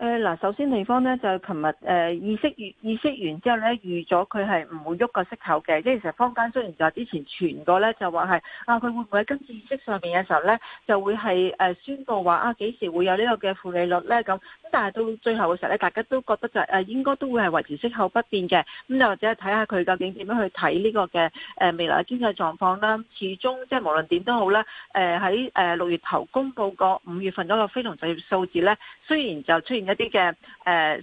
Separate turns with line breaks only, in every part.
誒嗱，首先地方呢，就係琴日意識完意識完之後呢，預咗佢係唔會喐個息口嘅。即係其實坊間雖然就之前傳過呢，就話係啊，佢會唔會喺今次意識上面嘅時候呢，就會係誒宣佈，話啊幾時會有呢個嘅負利率呢。咁，但係到最後嘅時候呢，大家都覺得就係誒、啊、應該都會係維持息口不變嘅，咁又或者睇下佢究竟點樣去睇呢個嘅誒未來嘅經濟狀況啦。始終即係無論點都好啦，誒喺六月頭公佈個五月份嗰個非農就業數字呢，雖然就出現一啲嘅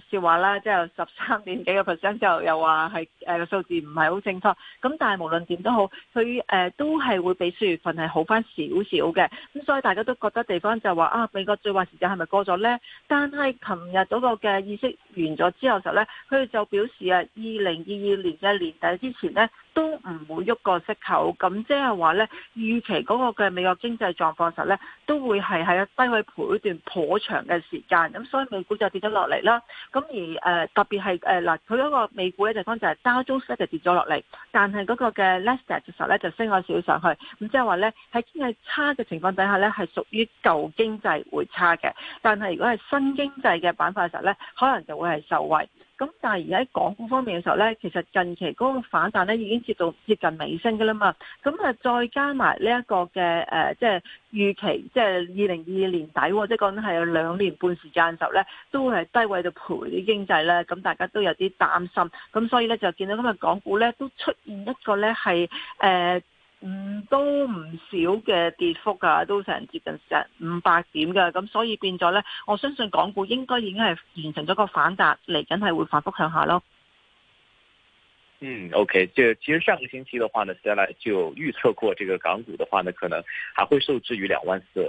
誒笑話啦，即係十三點幾個 percent 之後，又話係誒數字唔係好正確。咁但係無論點都好，佢誒、呃、都係會比四月份係好翻少少嘅。咁所以大家都覺得地方就話啊，美國最壞時節係咪過咗呢？但係琴日嗰個嘅議息完咗之後就呢佢就表示啊，二零二二年嘅年底之前呢，都唔會喐過息口，咁即係話呢預期嗰個嘅美國經濟狀況實呢，都會係喺低位徘徊一段頗長嘅時間，咁所以美股就跌咗落嚟啦。咁而誒、呃、特別係誒佢嗰個美股咧，就講就係道瓊斯就跌咗落嚟，但係嗰個嘅 e s 納指嘅時候咧，就升咗少少上去。咁即係話呢，喺經濟差嘅情況底下呢，係屬於舊經濟會差嘅，但係如果係新經濟嘅板塊嘅時候咧，可能就會係受惠。咁但係而家喺港股方面嘅時候咧，其實近期嗰個反彈咧已經接到接近尾聲㗎啦嘛。咁啊，再加埋呢一個嘅、呃、即係預期，即係二零二二年底，即係講緊係有兩年半時間嘅時候咧，都會係低位度賠啲經濟咧。咁大家都有啲擔心。咁所以咧，就見到今日港股咧都出現一個咧係誒。呃嗯，都唔少嘅跌幅啊，都成接近成五百點嘅，咁所以變咗咧，我相信港股應該已經係完成咗個反彈，嚟緊係會反復向下咯。嗯
，OK，就其實上個星期的話呢 Stella 就預測過，這個港股的話呢，可能還會受制於兩萬四。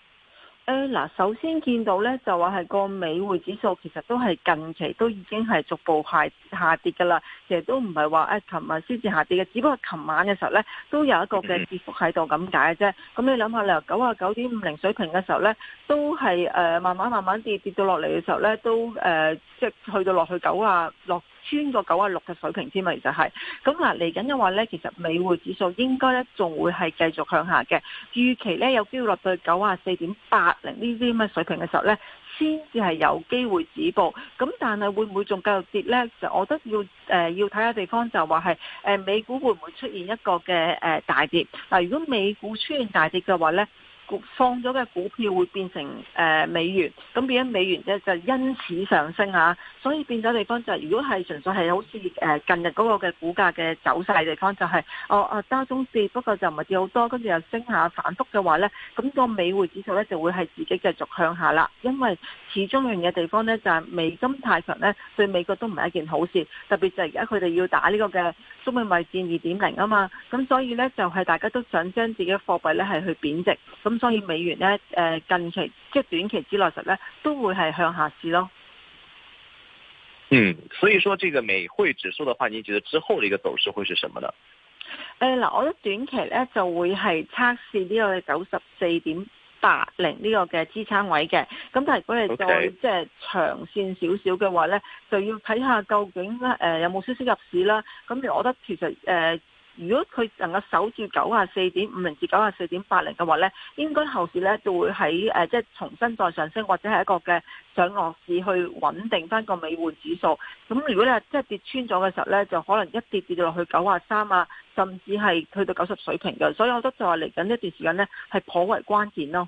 誒，嗱，首先見到咧，就話係個美匯指數其實都係近期都已經係逐步下下跌㗎啦。其實都唔係話誒琴日先至下跌嘅，只不過琴晚嘅時候咧，都有一個嘅跌幅喺度咁解啫。咁你諗下，由九啊九點五零水平嘅時候咧，都係誒、呃、慢慢慢慢跌跌到落嚟嘅時候咧，都誒、呃、即係去到落去九啊六。96。穿個九啊六嘅水平之嘛，其實係，咁嗱嚟緊嘅話咧，其實美匯指數應該咧仲會係繼續向下嘅，預期咧有機會落到九啊四點八零呢啲咁嘅水平嘅時候咧，先至係有機會止步，咁但係會唔會仲繼續跌咧？就我覺得要誒、呃、要睇下地方就話係誒美股會唔會出現一個嘅誒大跌，嗱、呃、如果美股出現大跌嘅話咧。放咗嘅股票會變成誒美元，咁變咗美元咧就因此上升嚇、啊，所以變咗地方就係如果係純粹係好似誒近日嗰個嘅股價嘅走勢地方、就是，就係哦哦加、啊、中跌，不過就唔係跌好多，跟住又升下反覆嘅話咧，咁、那個美匯指數咧就會係自己繼續向下啦，因為始終樣嘅地方咧就係、是、美金太強咧，對美國都唔係一件好事，特別就係而家佢哋要打呢個嘅中美貿易戰二點零啊嘛，咁所以咧就係、是、大家都想將自己嘅貨幣咧係去貶值，咁。所以美元咧，誒近期即係短期之內，實咧，都會係向下市咯。嗯，
所以說這個美匯指數的話，你覺得之後的一個走勢會係什麼呢？誒、
呃、嗱，我覺得短期咧就會係測試呢個九十四點八零呢個嘅支撐位嘅。咁但係如果你再即係長線少少嘅話咧，Okay. 就要睇下究竟誒、呃、有冇少少入市啦。咁我覺得其實誒。呃如果佢能夠守住九十四點五零至九十四點八零嘅話呢，應該後市呢就會喺即係重新再上升，或者係一個嘅上落市去穩定翻個美匯指數。咁如果你係即係跌穿咗嘅時候呢，就可能一跌跌到落去九啊三啊，甚至係去到九十水平嘅。所以我覺得就係嚟緊呢段時間呢，係頗為關鍵咯。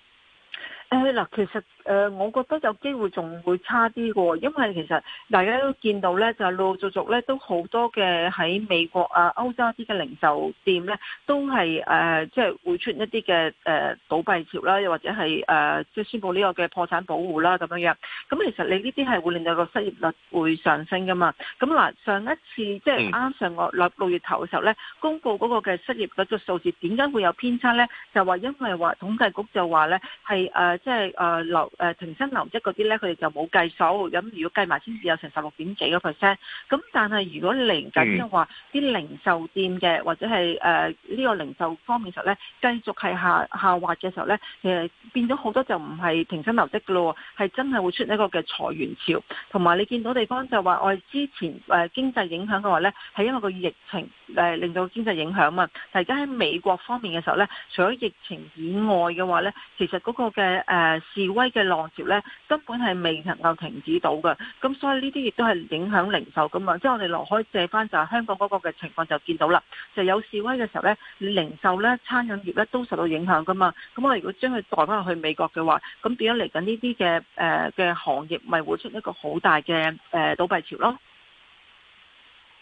誒嗱，其實誒，我覺得有機會仲會差啲喎，因為其實大家都見到咧，就係陸陸續續咧都好多嘅喺美國啊、歐洲啲嘅零售店咧，都係誒，即係會出一啲嘅誒倒閉潮啦，又或者係誒即係宣布呢個嘅破產保護啦咁樣樣。咁其實你呢啲係會令到個失業率會上升㗎嘛。咁嗱，上一次即係啱上個六六月頭嘅時候咧，公布嗰個嘅失業率嗰個數字點解會有偏差咧？就話因為話統計局就話咧係誒即係誒留誒停薪留職嗰啲咧，佢哋就冇計數咁。如果計埋，先至有成十六點幾個 percent。咁但係如果零、嗯，就即係話啲零售店嘅或者係誒呢個零售方面嘅時候咧，繼續係下下滑嘅時候咧，其實變咗好多就唔係停薪留職噶咯，係真係會出呢個嘅裁員潮。同埋你見到地方就話，我哋之前誒、呃、經濟影響嘅話咧，係因為個疫情。誒令到經濟影響嘛？但而家喺美國方面嘅時候咧，除咗疫情以外嘅話咧，其實嗰個嘅誒、呃、示威嘅浪潮咧，根本係未能夠停止到㗎。咁所以呢啲亦都係影響零售㗎嘛。即係我哋攞開借翻就係香港嗰個嘅情況就見到啦。就有示威嘅時候咧，零售咧、餐飲業咧都受到影響㗎嘛。咁我如果將佢代翻去美國嘅話，咁變咗嚟緊呢啲嘅誒嘅行業，咪會出一個好大嘅誒、呃、倒閉潮咯。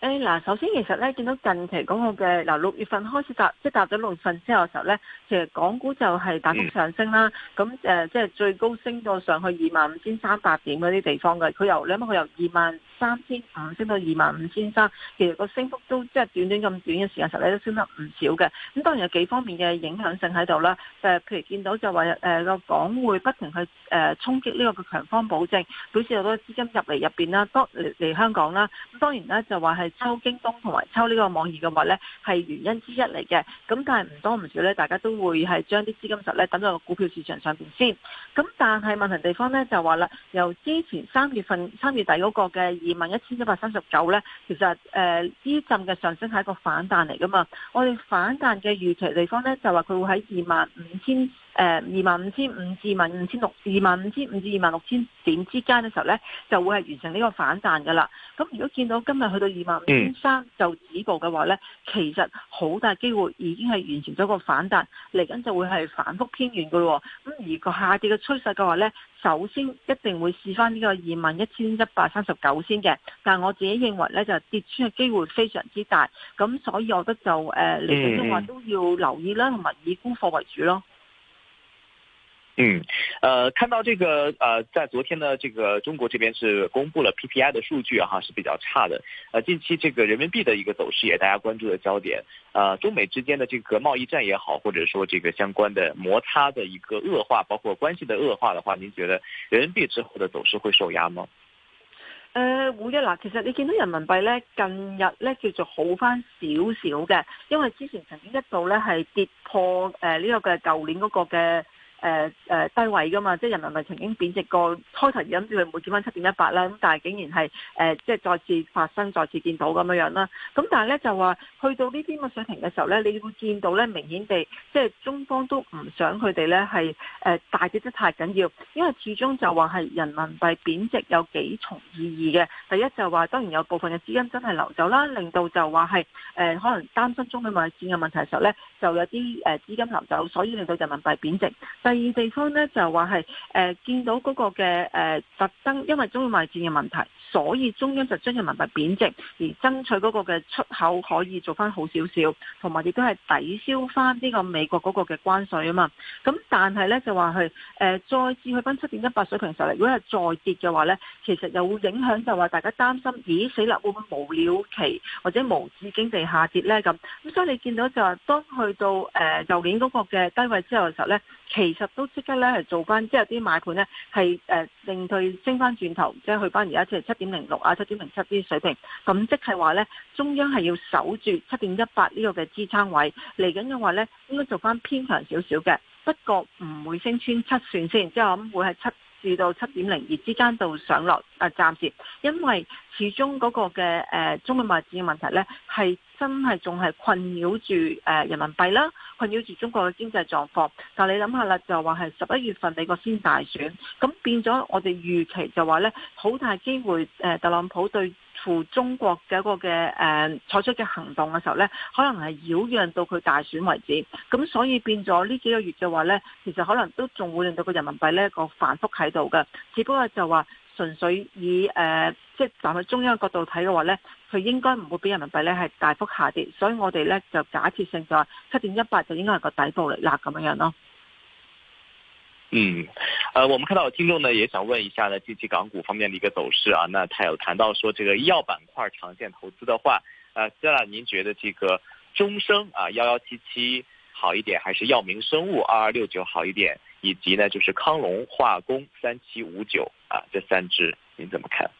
誒嗱，首先其實咧見到近期嗰個嘅嗱六月份開始踏即係踏咗六月份之後嘅時候咧，其實港股就係大幅上升啦。咁誒、呃、即係最高升到上去二萬五千三百點嗰啲地方嘅，佢由你諗佢由二萬三千五升到二萬五千三，其實個升幅都即係短短咁短嘅時間的時候咧都升得唔少嘅。咁當然有幾方面嘅影響性喺度啦，誒、呃、譬如見到就話誒個港匯不停去誒、呃、衝擊呢個嘅強方保證，表示有好多資金入嚟入邊啦，多嚟香港啦。咁當然咧就話係。抽京東同埋抽呢個網易嘅話呢係原因之一嚟嘅。咁但係唔多唔少呢，大家都會係將啲資金實呢抌到個股票市場上邊先。咁但係問題地方呢，就話啦，由之前三月份三月底嗰個嘅二萬一千一百三十九呢，其實誒呢陣嘅上升係一個反彈嚟噶嘛。我哋反彈嘅預期地方呢，就話佢會喺二萬五千。誒、嗯嗯嗯，二萬五千五至二萬五千六，二萬五千五至二萬六千點之間嘅時候咧，就會係完成呢個反彈噶啦。咁如果見到今日去到二萬五千三就止步嘅話咧，其實好大機會已經係完成咗個反彈，嚟緊就會係反覆偏軟噶咯。咁而個下跌嘅趨勢嘅話咧，首先一定會試翻呢個二萬一千一百三十九先嘅，但係我自己認為咧就是、跌穿嘅機會非常之大，咁所以我覺得就誒，嚟緊嘅話都要留意啦，同埋以沽貨為主咯。
嗯，呃，看到這個，呃，在昨天呢，這個中國這邊是公布了 PPI 的數據，哈，是比較差的。呃，近期這個人民幣的一個走勢也大家關注的焦點。呃，中美之間的這個貿易戰也好，或者說這個相關的摩擦的一個惡化，包括關係的惡化的話，您覺得人民幣之後的走勢會受壓嗎？
呃，胡一啦，其實你見到人民幣呢，近日呢，叫做好翻少少嘅，因為之前曾經一度呢，是跌破，呃，呢個嘅舊年嗰個嘅。誒、呃、誒、呃、低位㗎嘛，即人民幣曾經貶值過，開頭諗住唔會見翻七點一八啦，咁但係竟然係、呃、即再次發生，再次見到咁樣樣啦。咁但係咧就話去到呢啲咁嘅水平嘅時候咧，你會見到咧明顯地即中方都唔想佢哋咧係大跌得太緊要，因為始終就話係人民幣貶值有幾重意義嘅。第一就話當然有部分嘅資金真係流走啦，令到就話係、呃、可能擔心中美貿易戰嘅問題嘅時候咧就有啲誒資金流走，所以令到人民幣貶值。第二地方呢就話，係誒見到嗰個嘅誒特登，呃、因為中美貿戰嘅問題。所以中央就將人民幣貶值，而爭取嗰個嘅出口可以做翻好少少，同埋亦都係抵消翻呢個美國嗰個嘅關稅啊嘛。咁但係咧就話係、呃、再次去翻七點一八水平嘅時候，如果係再跌嘅話咧，其實又會影響就話、是、大家擔心，咦死啦會唔會無了期或者無止境地下跌咧咁。咁所以你見到就話當去到誒舊年嗰個嘅低位之後嘅時候咧，其實都即刻咧係做翻，即係啲買盤咧係令佢升翻轉頭，即、就、係、是、去翻而家即係七點。點零六啊，七點零七啲水平，咁即係話呢，中央係要守住七點一八呢個嘅支撐位，嚟緊嘅話呢，應該做翻偏強少少嘅，不過唔會升穿七線先，之後我諗會係七至到七點零二之間度上落啊，暫時因為始終嗰個嘅誒中美貿易戰嘅問題呢係真係仲係困擾住誒人民幣啦，困擾住中國嘅經濟狀況。但你諗下啦，就話係十一月份美國先大選，咁變咗我哋預期就話呢好大機會誒特朗普對付中國嘅一個嘅誒、呃、採取嘅行動嘅時候呢，可能係擾攘到佢大選為止。咁所以變咗呢幾個月嘅話呢，其實可能都仲會令到個人民幣呢個反復喺度嘅，只不過就話純粹以誒、呃、即係站喺中央角度睇嘅話呢。佢應該唔會俾人民幣咧係大幅下跌，所以我哋咧就假設性就係七點一八就應該係個底部嚟啦咁樣樣咯。嗯，
呃，我們看到有聽眾呢，也想問一下呢，近期港股方面的一個走勢啊。那他有談到說，這個醫藥板塊長線投資的話，呃，s i 您覺得這個中生啊幺幺七七好一點，還是藥明生物二二六九好一點，以及呢，就是康龍化工三七五九啊，這三隻您怎麼看？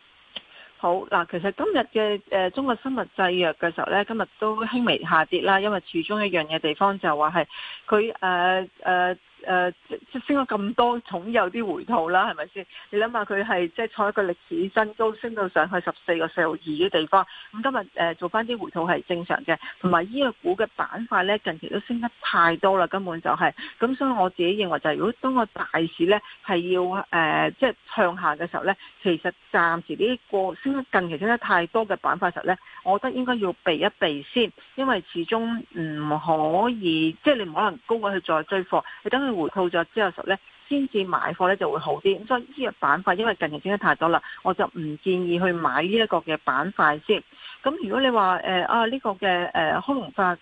好嗱，其實今日嘅誒中國生物製藥嘅時候咧，今日都輕微下跌啦，因為始終一樣嘅地方就話係佢誒誒。呃呃誒即即升咗咁多重有啲回吐啦，係咪先？你諗下佢係即係坐一個歷史新高，升到上去十四個四毫二嘅地方。咁今日、呃、做翻啲回吐係正常嘅，同埋呢個股嘅板塊咧，近期都升得太多啦，根本就係、是、咁。所以我自己認為就係、是，如果當個大市咧係要誒即係向下嘅時候咧，其實暫時呢個過升得近期升得太多嘅板塊時候咧，我覺得應該要避一避先，因為始終唔可以即係、就是、你唔可能高過去再追貨。你等佢。回吐咗之後，實咧先至買貨咧就會好啲。咁所以呢個板塊，因為近期升得太多啦，我就唔建議去買呢一個嘅板塊先。咁如果你話誒、呃、啊呢、這個嘅誒、呃、康龍化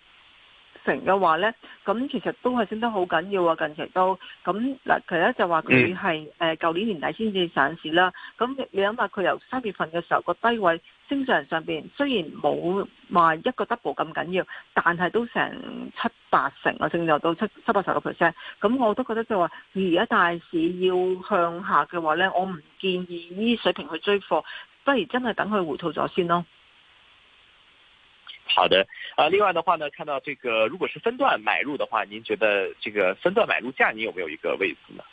成嘅話咧，咁其實都係升得好緊要啊！近期都咁嗱，其實咧就話佢係誒舊年年底先至上市啦。咁你諗下佢由三月份嘅時候個低位。經濟上邊雖然冇話一個 double 咁緊要，但係都成七八成啊，正到到七七八十個 percent。咁我都覺得就係話，而家大市要向下嘅話咧，我唔建議呢水平去追貨，不如真係等佢回吐咗先咯。
好的，啊、呃，另外的話呢，看到這個如果是分段買入的話，您覺得這個分段買入價，你有沒有一個
位置呢？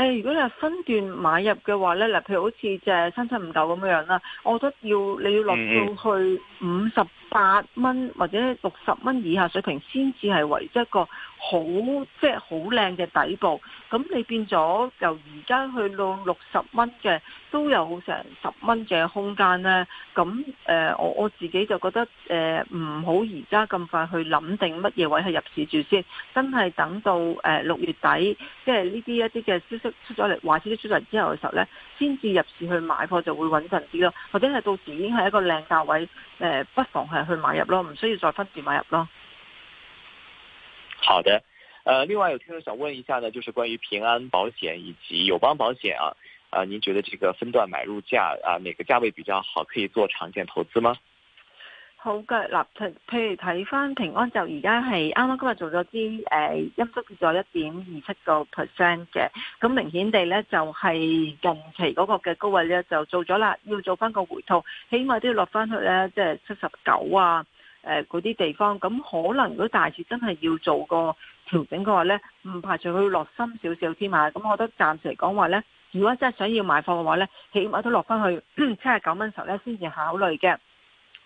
誒，如果你係分段買入嘅話咧，嗱，譬如好似隻三七唔夠咁樣樣啦，我覺得要你要落到去五十八蚊或者六十蚊以下水平先至係為一個好即係好靚嘅底部。咁你變咗由而家去到六十蚊嘅都有成十蚊嘅空間咧。咁誒、呃，我我自己就覺得誒唔好而家咁快去諗定乜嘢位去入市住先。真係等到誒六、呃、月底，即係呢啲一啲嘅消息出咗嚟，壞消息出嚟之後嘅時候咧，先至入市去買貨就會穩陣啲咯。或者係到時已經係一個靚價位，誒、呃、不妨係。去買入咯，唔需要再分段買入咯。
好的，呃，另外有聽友想問一下呢，就是關於平安保險以及友邦保險啊，啊、呃，您覺得這個分段買入價啊、呃，哪個價位比較好，可以做長線投資嗎？
好嘅，嗱、啊，譬如睇翻平安就而家係啱啱今日做咗啲誒，陰跌咗一點二七個 percent 嘅，咁明顯地呢，就係、是、近期嗰個嘅高位呢，就做咗啦，要做翻個回吐，起碼都要落翻去呢，即係七十九啊，嗰、呃、啲地方，咁可能如果大市真係要做個調整嘅話呢，唔排除佢要落深少少添嘛，咁我覺得暫時嚟講話呢，如果真係想要買貨嘅話呢，起碼都落翻去七十九蚊時候呢，先至考慮嘅。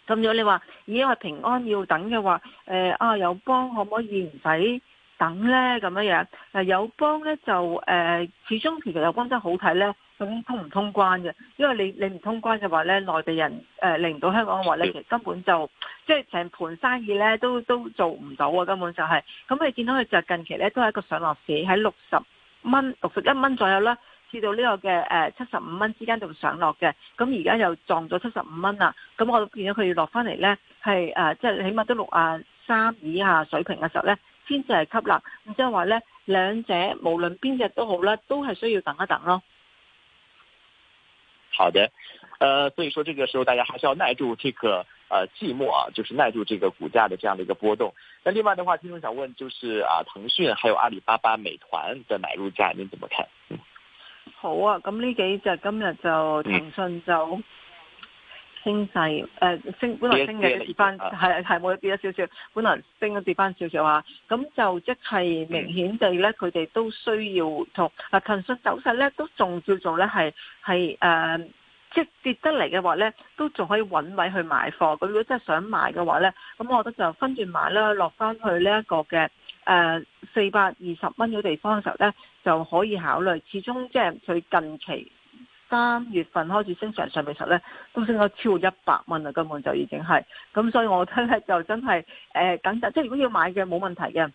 咁如果你話，因為平安要等嘅話，誒啊友邦可唔可以唔使等咧？咁樣樣，友邦呢，咧就誒、呃，始終其實友邦真好睇咧，究竟通唔通關嘅？因為你你唔通關嘅話咧，內地人誒嚟唔到香港嘅話咧，其實根本就即係成盤生意咧都都做唔到啊！根本就係、是，咁你見到佢就近期咧都係一個上落市，喺六十蚊、六十一蚊左右啦。至到呢個嘅，誒七十五蚊之間度上落嘅，咁而家又撞咗七十五蚊啦，咁我見到佢要落翻嚟咧，係誒即係起碼都六啊三以下水平嘅時候咧，先至係吸納，咁即係話咧，兩者無論邊隻都好啦，都係需要等一等咯。
好的，呃，所以說這個時候大家還是要耐住這個呃寂寞啊，就是耐住這個股價的這樣的一個波動。但另外的話，聽眾想問就是啊，騰訊、還有阿里巴巴、美團的買入價，你怎麼看？
好啊！咁呢幾隻今日就騰訊就升勢，誒升本來升嘅跌翻，係係冇跌少少，本來升咁跌翻少少啊！咁、嗯、就即係明顯地咧，佢哋都需要回吐。嗱騰訊走勢咧都仲叫做咧係係誒，即係跌得嚟嘅話咧，都仲可以揾位去買貨。咁如果真係想買嘅話咧，咁我覺得就分段買啦，落翻去呢一個嘅。誒、呃，四百二十蚊嘅地方嘅時候呢，就可以考慮。始終即係佢近期三月份開始升上上嘅時候呢，都升咗超過一百蚊啦。根本就已經係，咁所以我覺得咧，就真係誒，等、呃、即係如果要買嘅冇問題嘅。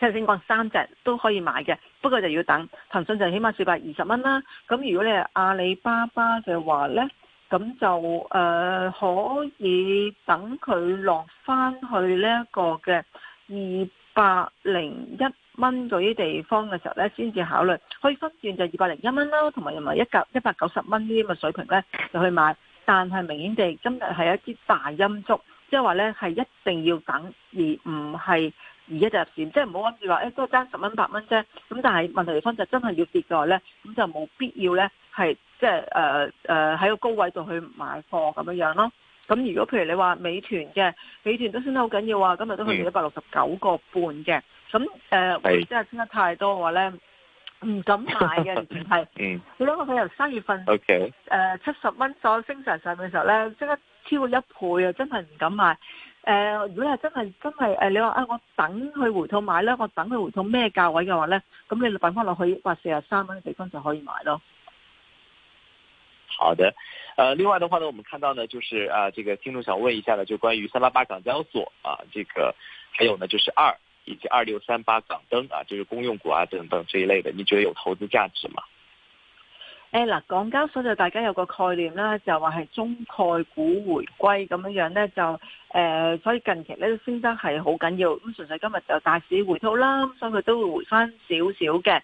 頭先講三隻都可以買嘅，不過就要等騰訊就起碼四百二十蚊啦。咁如果你係阿里巴巴嘅話呢，咁就誒、呃、可以等佢落返去呢一個嘅二。百零一蚊嗰啲地方嘅時候咧，先至考慮可以分段就二百零一蚊啦，同埋認埋一九一百九十蚊呢啲咁嘅水平咧就去買，但係明顯地今日係一支大陰燭，即係話咧係一定要等，而唔係而家就入市，即係唔好諗住話誒，都爭十蚊八蚊啫。咁但係問題地方就真係要跌嘅話咧，咁就冇必要咧係即係誒誒喺個高位度去買貨咁樣樣咯。咁如果譬如你話美團嘅，美團都升得好緊要啊！今日都去到一百六十九個半嘅，咁、嗯、誒、呃、真係升得太多嘅話咧，唔敢買嘅，完 係。嗯。你諗下佢由三月份誒七十蚊所升成上面嘅時候咧，即刻超過一倍啊！真係唔敢買。誒、呃，如果係真係真係、呃、你話啊，我等佢回吐買咧，我等佢回吐咩價位嘅話咧，咁你揼翻落去百四啊三蚊嘅地方就可以買咯。
好的，呃，另外的話呢，我們看到呢，就是啊，這個聽眾想問一下呢，就關於三八八港交所啊，這個，還有呢，就是二以及二六三八港燈啊，就是公用股啊等等這一類的，你覺得有投資價值嗎？
誒，嗱，港交所就大家有個概念啦，就話係中概股回歸咁樣樣呢。就誒、呃，所以近期呢，升得係好緊要，咁純粹今日就大市回吐啦，咁所以佢都會回翻少少嘅。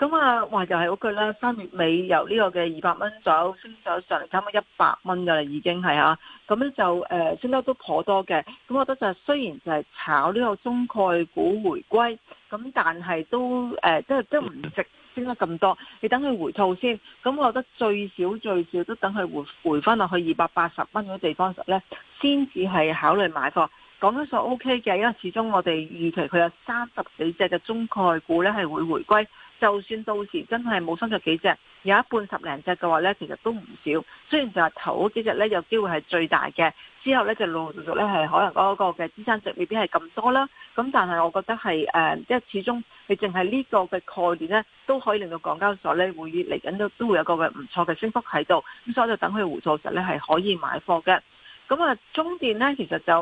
咁啊，就是、話就係嗰句啦，三月尾由呢個嘅二百蚊左右升咗上嚟，差唔多一百蚊噶啦，已經係啊。咁就誒、呃，升得都頗多嘅。咁我覺得就雖然就係炒呢個中概股回歸，咁但係都誒，即係即唔值得升得咁多。你等佢回吐先。咁我覺得最少最少都等佢回回翻落去二百八十蚊嗰地方時咧，先至係考慮買貨。講得上 O K 嘅，因為始終我哋預期佢有三十幾隻嘅中概股咧係會回歸。就算到時真係冇三十幾隻，有一半十零隻嘅話呢，其實都唔少。雖然就係頭幾隻呢，有機會係最大嘅，之後呢，就陸陸續續係可能嗰個嘅資產值未必係咁多啦。咁但係我覺得係誒，即、呃、係始終你淨係呢個嘅概念呢，都可以令到港交所呢會嚟緊都都會有個嘅唔錯嘅升幅喺度。咁所以我就等佢回調時呢，係可以買貨嘅。咁啊，中電呢，其實就、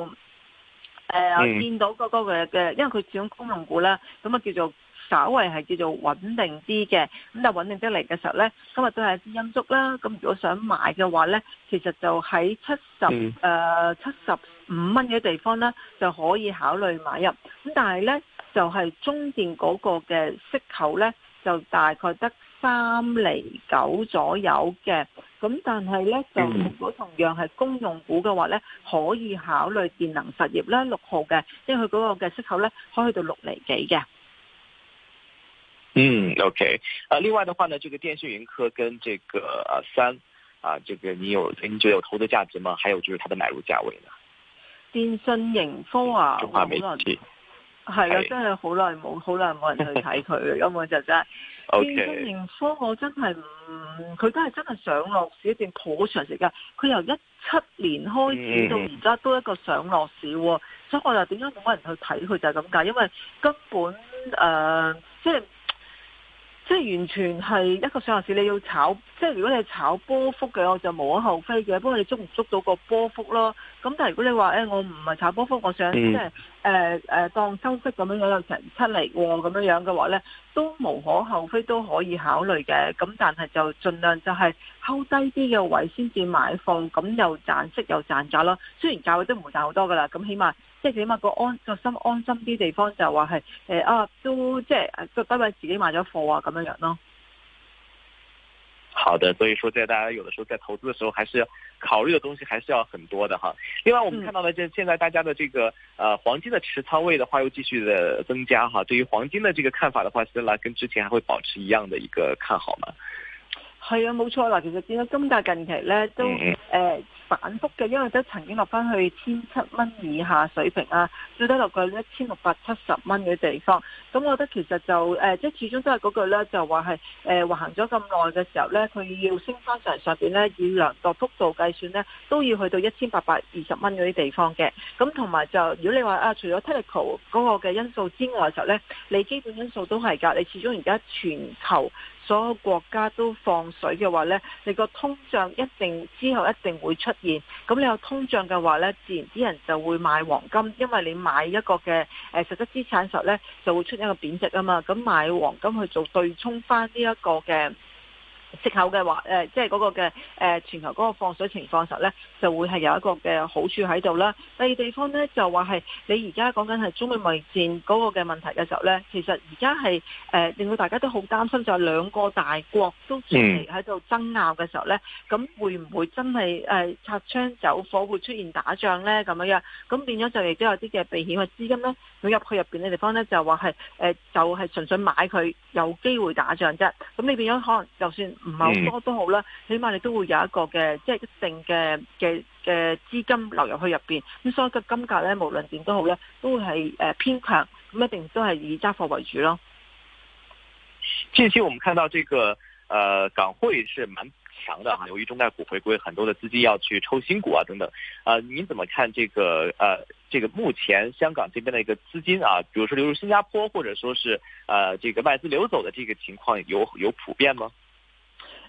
呃嗯、我見到嗰個嘅嘅，因為佢始終公用股啦，咁啊叫做。稍為係叫做穩定啲嘅，咁但係穩定得嚟嘅時候呢，今日都係一啲陰足啦。咁如果想買嘅話呢，其實就喺七十誒七十五蚊嘅地方呢，就可以考慮買入。咁但係呢，就係中電嗰個嘅息口呢，就大概得三釐九左右嘅。咁但係呢，就如果同樣係公用股嘅話呢，可以考慮電能實業啦，六號嘅，因為佢嗰個嘅息口呢，可以去到六釐幾嘅。
嗯，OK。啊，另外的話呢，這個電訊盈科跟這個、啊、三，啊，這個你有，你覺得有投資價值嗎？還有就是它的買入價位呢。
電訊盈科啊，好耐冇人知，係啊，真係好耐冇，好耐冇人去睇佢嘅。根本就真係。電訊盈科、
啊我，
嗯 okay、我真係唔，佢真係、嗯、真係上落市一段好長時間。佢由一七年開始到而家都一個上落市，嗯、所以我又點解冇乜人去睇佢就係咁解，因為根本誒、呃，即係。即係完全係一個上落市，你要炒，即係如果你炒波幅嘅，我就無可厚非嘅，不過你捉唔捉到個波幅咯。咁但係如果你話、欸、我唔係炒波幅，我想即係誒、呃呃、當收息咁樣樣成出嚟咁樣樣嘅話咧，都無可厚非，都可以考慮嘅。咁但係就盡量就係溝低啲嘅位先至買貨，咁又賺息又賺價咯。雖然價位都唔會賺好多噶啦，咁起碼。即係起碼個安個心安心啲地方就話係誒啊都即係都係自己買咗貨啊咁樣樣咯。
好的，所以說在大家有的時候在投資的時候，還是要考慮的東西還是要很多的哈。另外，我們看到呢，即係現在大家的這個誒黃金的持倉位的話，又繼續的增加哈。對於黃金的這個看法的話，其實來跟之前還會保持一樣的一個看好嘛。
係啊，冇錯啦。其實點解金價近期咧都誒、嗯、反覆嘅，因為都曾經落翻去千七蚊以下水平啊，最低落過一千六百七十蚊嘅地方。咁我覺得其實就誒，即、呃、係始終都係嗰句咧，就話係誒橫咗咁耐嘅時候咧，佢要升翻上上邊咧，以量度幅度計算咧，都要去到一千八百二十蚊嗰啲地方嘅。咁同埋就如果你話啊，除咗 technical 嗰個嘅因素之外嘅時候咧，你基本因素都係㗎。你始終而家全球所有國家都放水嘅話呢，你個通脹一定之後一定會出現。咁你有通脹嘅話呢，自然啲人就會買黃金，因為你買一個嘅誒實質資產時候呢，就會出一個貶值啊嘛。咁買黃金去做對沖返呢一個嘅。息口嘅話，誒、呃，即係嗰個嘅誒、呃，全球嗰個放水情況時候咧，就會係有一個嘅好處喺度啦。第二個地方咧，就話係你而家講緊係中美貿易戰嗰個嘅問題嘅時候咧，其實而家係誒令到大家都好擔心，就係兩個大國都出嚟喺度爭拗嘅時候咧，咁、嗯、會唔會真係誒擦槍走火會出現打仗咧咁樣？咁變咗就亦都有啲嘅避險嘅資金咧。佢入去入邊嘅地方咧，就話係誒，就係純粹買佢有機會打仗啫。咁你變咗可能就算唔係好多都好啦，起碼你都會有一個嘅即係一定嘅嘅嘅資金流入去入邊。咁所以個金價咧，無論點都好咧，都會係誒、呃、偏強，咁一定都係以揸貨為主咯。近
期我們看到這個，誒、呃、港匯是蠻強的哈，由於中概股回歸，很多的資金要去抽新股啊等等。啊，您怎麼看這個？呃、啊，這個目前香港這邊的一個資金啊，比如說流入新加坡或者說是呃、啊、這個外資流走的這個情況，有有普遍嗎？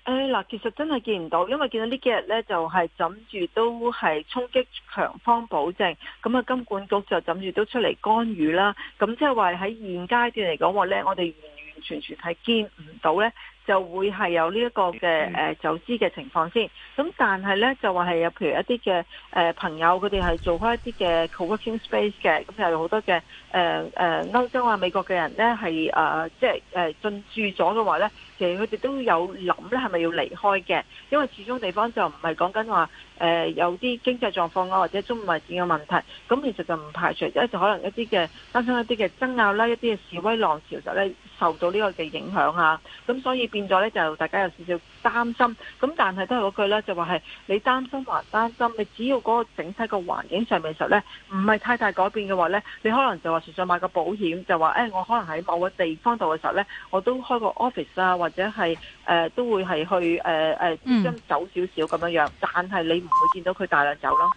誒嗱，其實真係見唔到，因為見到幾呢幾日咧就係枕住都係衝擊強方保證咁，啊，金管局就枕住都出嚟干預啦。咁即係話喺現階段嚟講話咧，我哋完完全全係見唔到咧。就會係有呢一個嘅誒走資嘅情況先，咁但係咧就話係有譬如一啲嘅誒朋友佢哋係做開一啲嘅 co-working space 嘅，咁譬如好多嘅誒誒歐洲啊美國嘅人咧係誒即係誒、呃、進駐咗嘅話咧，其實佢哋都有諗，咧係咪要離開嘅？因為始終地方就唔係講緊話誒有啲經濟狀況啊或者中美事件嘅問題，咁其實就唔排除一就可能一啲嘅擔心一啲嘅爭拗啦，一啲嘅示威浪潮就咧受到呢個嘅影響啊，咁所以變咗咧就大家有少少擔心，咁但係都係嗰句啦，就話係你擔心還擔心，你只要嗰個整體個環境上面嘅時候咧，唔係太大改變嘅話咧，你可能就話純粹買個保險，就話誒我可能喺某個地方度嘅時候咧，我都開個 office 啊，或者係誒都會係去誒誒資金走少少咁樣樣，但係你唔會見到佢大量走咯。